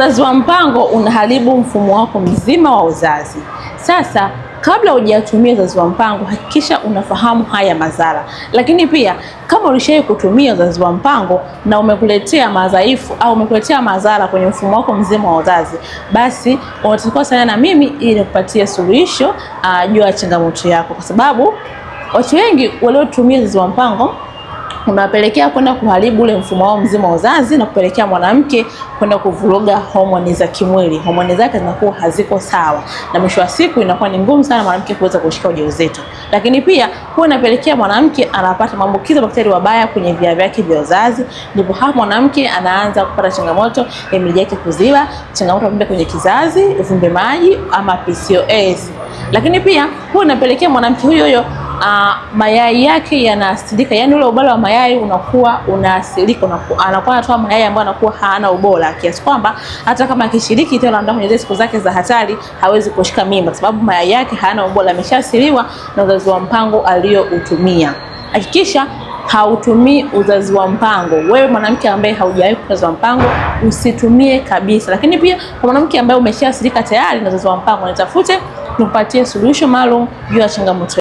Uzazi wa mpango unaharibu mfumo wako mzima wa uzazi. Sasa kabla hujatumia uzazi wa mpango hakikisha unafahamu haya madhara. Lakini pia kama ulishawahi kutumia uzazi wa mpango na umekuletea madhaifu au umekuletea madhara kwenye mfumo wako mzima wa uzazi, basi unatakiwa sana na mimi ili nikupatie suluhisho ah, juu ya changamoto yako, kwa sababu watu wengi waliotumia uzazi wa mpango kunapelekea kwenda kuharibu ule mfumo wao mzima wa uzazi na kupelekea mwanamke kwenda kuvuruga homoni za kimwili. Homoni zake zinakuwa haziko sawa, na mwisho wa siku inakuwa ni ngumu sana mwanamke kuweza kushika ujauzito. Lakini pia huwa inapelekea mwanamke anapata maambukizi bakteria wabaya kwenye via vyake vya uzazi, ndipo hapo mwanamke anaanza kupata changamoto ya mirija yake kuziba, changamoto ya kwenye kizazi, uvimbe maji ama PCOS. Lakini pia huwa inapelekea mwanamke huyo huyo uh, mayai yake yanaasilika, yani ule ubora wa mayai unakuwa unaasilika, anakuwa anatoa mayai ambayo anakuwa hana ubora, kiasi kwamba hata kama akishiriki tena ndio kwenye siku zake za hatari hawezi kushika mimba, sababu mayai yake hana ubora, ameshaasiliwa na uzazi wa mpango aliyoutumia. Hakikisha hautumii uzazi wa mpango. Wewe mwanamke ambaye haujawahi uzazi wa mpango usitumie kabisa, lakini pia kwa mwanamke ambaye umeshaathirika tayari na uzazi wa mpango, nitafute nikupatie suluhisho maalum juu ya changamoto.